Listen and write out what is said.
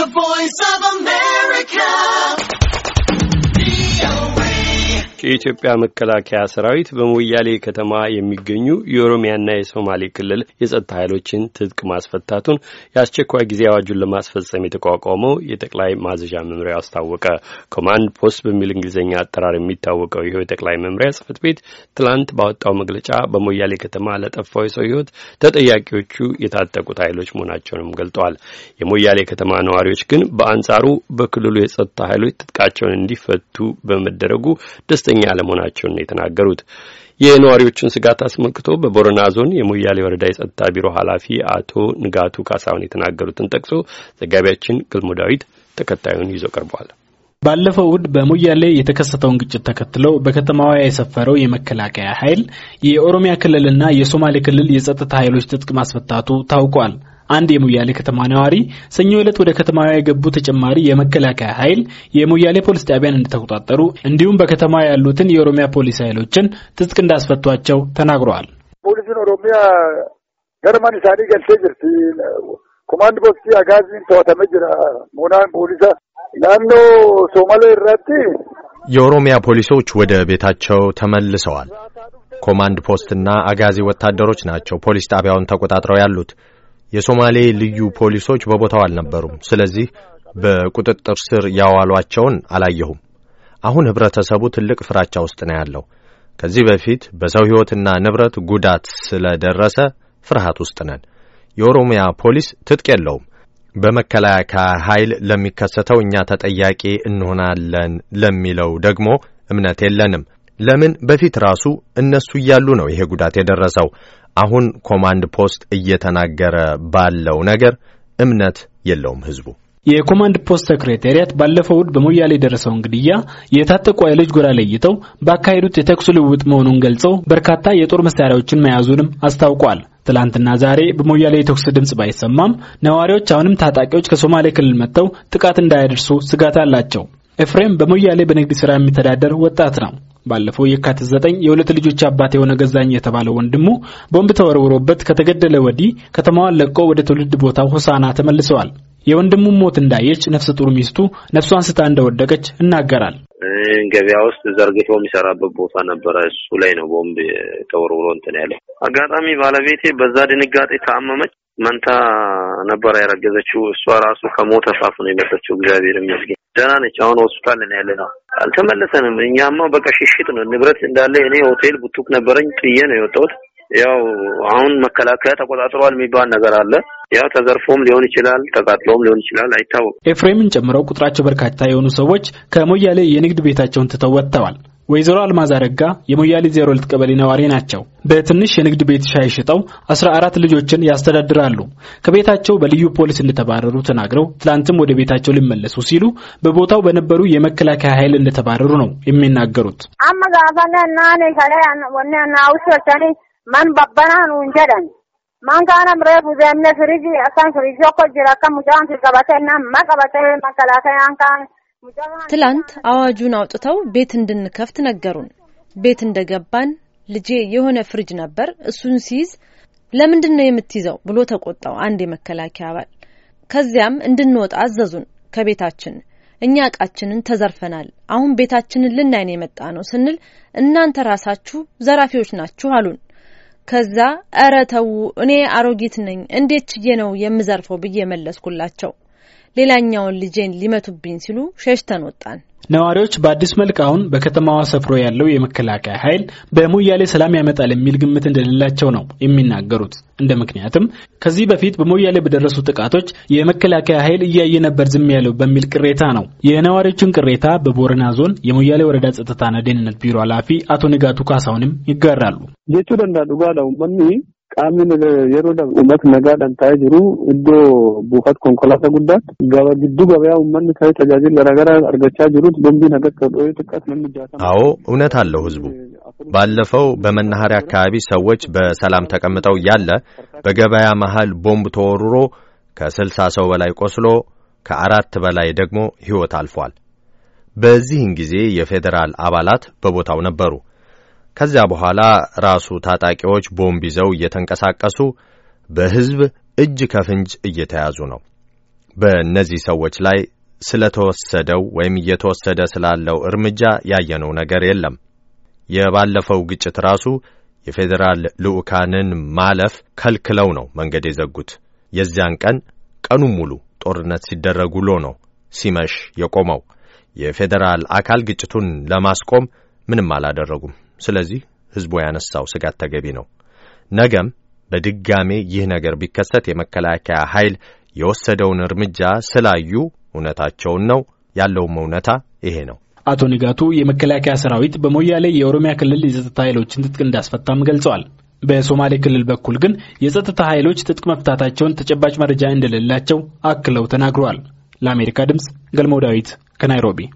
The Voice of man. የኢትዮጵያ መከላከያ ሰራዊት በሞያሌ ከተማ የሚገኙ የኦሮሚያና የሶማሌ ክልል የጸጥታ ኃይሎችን ትጥቅ ማስፈታቱን የአስቸኳይ ጊዜ አዋጁን ለማስፈጸም የተቋቋመው የጠቅላይ ማዘዣ መምሪያ አስታወቀ። ኮማንድ ፖስት በሚል እንግሊዝኛ አጠራር የሚታወቀው ይኸው የጠቅላይ መምሪያ ጽህፈት ቤት ትላንት ባወጣው መግለጫ በሞያሌ ከተማ ለጠፋው የሰው ህይወት ተጠያቂዎቹ የታጠቁት ኃይሎች መሆናቸውንም ገልጠዋል። የሞያሌ ከተማ ነዋሪዎች ግን በአንጻሩ በክልሉ የጸጥታ ኃይሎች ትጥቃቸውን እንዲፈቱ በመደረጉ ደስ ደስተኛ አለመሆናቸውን ነው የተናገሩት። የነዋሪዎቹን ስጋት አስመልክቶ በቦረና ዞን የሞያሌ ወረዳ የጸጥታ ቢሮ ኃላፊ አቶ ንጋቱ ካሳሁን የተናገሩትን ጠቅሶ ዘጋቢያችን ገልሞ ዳዊት ተከታዩን ይዞ ቀርቧል። ባለፈው እሁድ በሞያሌ የተከሰተውን ግጭት ተከትለው በከተማዋ የሰፈረው የመከላከያ ኃይል የኦሮሚያ ክልልና የሶማሌ ክልል የጸጥታ ኃይሎች ትጥቅ ማስፈታቱ ታውቋል። አንድ የሞያሌ ከተማ ነዋሪ ሰኞ ዕለት ወደ ከተማዋ የገቡ ተጨማሪ የመከላከያ ኃይል የሞያሌ ፖሊስ ጣቢያን እንደተቆጣጠሩ እንዲሁም በከተማዋ ያሉትን የኦሮሚያ ፖሊስ ኃይሎችን ትጥቅ እንዳስፈቷቸው ተናግረዋል። ፖሊስን ኦሮሚያ ገርማን ሳኒ ገልሴ ጅርቲ ኮማንድ ፖስቲ አጋዚን ተዋተመ ጅራ ሞናን ፖሊሳ ናኖ ሶማሌ ራቲ የኦሮሚያ ፖሊሶች ወደ ቤታቸው ተመልሰዋል። ኮማንድ ፖስትና አጋዚ ወታደሮች ናቸው ፖሊስ ጣቢያውን ተቆጣጥረው ያሉት። የሶማሌ ልዩ ፖሊሶች በቦታው አልነበሩም። ስለዚህ በቁጥጥር ስር ያዋሏቸውን አላየሁም። አሁን ህብረተሰቡ ትልቅ ፍራቻ ውስጥ ነው ያለው። ከዚህ በፊት በሰው ሕይወትና ንብረት ጉዳት ስለደረሰ ፍርሃት ውስጥ ነን። የኦሮሚያ ፖሊስ ትጥቅ የለውም። በመከላከያ ኃይል ለሚከሰተው እኛ ተጠያቂ እንሆናለን ለሚለው ደግሞ እምነት የለንም። ለምን በፊት ራሱ እነሱ እያሉ ነው ይሄ ጉዳት የደረሰው። አሁን ኮማንድ ፖስት እየተናገረ ባለው ነገር እምነት የለውም ህዝቡ። የኮማንድ ፖስት ሴክሬታሪያት ባለፈው እሁድ በሞያሌ የደረሰውን ግድያ የታጠቁ ኃይሎች ጎራ ለይተው ባካሄዱት የተኩስ ልውውጥ መሆኑን ገልጸው በርካታ የጦር መሳሪያዎችን መያዙንም አስታውቋል። ትላንትና ዛሬ በሞያሌ የተኩስ ድምፅ ባይሰማም ነዋሪዎች አሁንም ታጣቂዎች ከሶማሌ ክልል መጥተው ጥቃት እንዳያደርሱ ስጋት አላቸው። ኤፍሬም በሞያሌ በንግድ ሥራ የሚተዳደር ወጣት ነው። ባለፈው የካቲት ዘጠኝ የሁለት ልጆች አባት የሆነ ገዛኝ የተባለው ወንድሙ ቦምብ ተወርውሮበት ከተገደለ ወዲህ ከተማዋን ለቆ ወደ ትውልድ ቦታው ሆሳና ተመልሰዋል። የወንድሙ ሞት እንዳየች ነፍሰ ጡር ሚስቱ ነፍሷን ስታ እንደወደቀች ይናገራል። ገበያ ውስጥ ዘርግቶ የሚሰራበት ቦታ ነበረ። እሱ ላይ ነው ቦምብ ተወርውሮ እንትን ያለው። አጋጣሚ ባለቤቴ በዛ ድንጋጤ ታመመች። መንታ ነበረ ያረገዘችው። እሷ ራሱ ከሞት ፋፍ ነው የመጣችው። እግዚአብሔር ይመስገን ደህና ነች። አሁን ሆስፒታል ነው ያለ ነው። አልተመለሰንም። እኛማ በቃ ነው ንብረት እንዳለ። እኔ ሆቴል ቡቱክ ነበረኝ ጥዬ ነው የወጣሁት። ያው አሁን መከላከያ ተቆጣጥሯል የሚባል ነገር አለ። ያው ተዘርፎም ሊሆን ይችላል፣ ተቃጥሎም ሊሆን ይችላል፣ አይታወቅም። ኤፍሬምን ጨምረው ቁጥራቸው በርካታ የሆኑ ሰዎች ከሞያሌ የንግድ ቤታቸውን ትተው ወጥተዋል። ወይዘሮ አልማዝ አረጋ የሞያሌ ዜሮ ሁለት ቀበሌ ነዋሪ ናቸው። በትንሽ የንግድ ቤት ሻይ ሽጠው አስራ አራት ልጆችን ያስተዳድራሉ። ከቤታቸው በልዩ ፖሊስ እንደተባረሩ ተናግረው ትላንትም ወደ ቤታቸው ሊመለሱ ሲሉ በቦታው በነበሩ የመከላከያ ኃይል እንደተባረሩ ነው የሚናገሩት። man babbanaanu jedhan mankaanam reefu deemne firiji asan firiji tokko jira akka mucaan fi qabatee nama qabatee makalaakaan ትላንት አዋጁን አውጥተው ቤት እንድንከፍት ነገሩን። ቤት እንደገባን ልጄ የሆነ ፍሪጅ ነበር፣ እሱን ሲይዝ ለምንድን ነው የምትይዘው ብሎ ተቆጣው አንድ የመከላከያ አባል። ከዚያም እንድንወጣ አዘዙን ከቤታችን። እኛ እቃችንን ተዘርፈናል፣ አሁን ቤታችንን ልናይን የመጣ ነው ስንል እናንተ ራሳችሁ ዘራፊዎች ናችሁ አሉን። ከዛ እረ ተዉ እኔ አሮጊት ነኝ እንዴት ችዬ ነው የምዘርፈው ብዬ መለስኩላቸው። ሌላኛውን ልጄን ሊመቱብኝ ሲሉ ሸሽተን ወጣን። ነዋሪዎች በአዲስ መልክ አሁን በከተማዋ ሰፍሮ ያለው የመከላከያ ኃይል በሞያሌ ሰላም ያመጣል የሚል ግምት እንደሌላቸው ነው የሚናገሩት። እንደ ምክንያትም ከዚህ በፊት በሞያሌ በደረሱ ጥቃቶች የመከላከያ ኃይል እያየ ነበር ዝም ያለው በሚል ቅሬታ ነው። የነዋሪዎችን ቅሬታ በቦረና ዞን የሞያሌ ወረዳ ጸጥታና ደህንነት ቢሮ ኃላፊ አቶ ንጋቱ ካሳውንም ይጋራሉ። qaamni yeroo uummata nagaadhaan taa'ee jiru iddoo buufata konkolaataa guddaatti gaba giddu gabayaa uummanni ta'ee tajaajila garaagaraa argachaa jiru bombiin akka dhoyee xiqqaat namni jaatama። አዎ እውነት አለው ህዝቡ ባለፈው በመናኸሪያ አካባቢ ሰዎች በሰላም ተቀምጠው ያለ በገበያ መሃል ቦምብ ተወርሮ ከስልሳ ሰው በላይ ቆስሎ ከአራት በላይ ደግሞ ሕይወት አልፏል። በዚህን ጊዜ የፌዴራል አባላት በቦታው ነበሩ። ከዚያ በኋላ ራሱ ታጣቂዎች ቦምብ ይዘው እየተንቀሳቀሱ በሕዝብ እጅ ከፍንጅ እየተያዙ ነው። በእነዚህ ሰዎች ላይ ስለተወሰደው ወይም እየተወሰደ ስላለው እርምጃ ያየነው ነገር የለም። የባለፈው ግጭት ራሱ የፌዴራል ልዑካንን ማለፍ ከልክለው ነው መንገድ የዘጉት። የዚያን ቀን ቀኑን ሙሉ ጦርነት ሲደረግ ውሎ ነው ሲመሽ የቆመው። የፌዴራል አካል ግጭቱን ለማስቆም ምንም አላደረጉም። ስለዚህ ህዝቡ ያነሳው ስጋት ተገቢ ነው። ነገም በድጋሜ ይህ ነገር ቢከሰት የመከላከያ ኃይል የወሰደውን እርምጃ ስላዩ እውነታቸውን ነው። ያለውም እውነታ ይሄ ነው። አቶ ንጋቱ የመከላከያ ሰራዊት በሞያሌ የኦሮሚያ ክልል የጸጥታ ኃይሎችን ትጥቅ እንዳስፈታም ገልጸዋል። በሶማሌ ክልል በኩል ግን የጸጥታ ኃይሎች ትጥቅ መፍታታቸውን ተጨባጭ መረጃ እንደሌላቸው አክለው ተናግረዋል። ለአሜሪካ ድምፅ ገልሞ ዳዊት ከናይሮቢ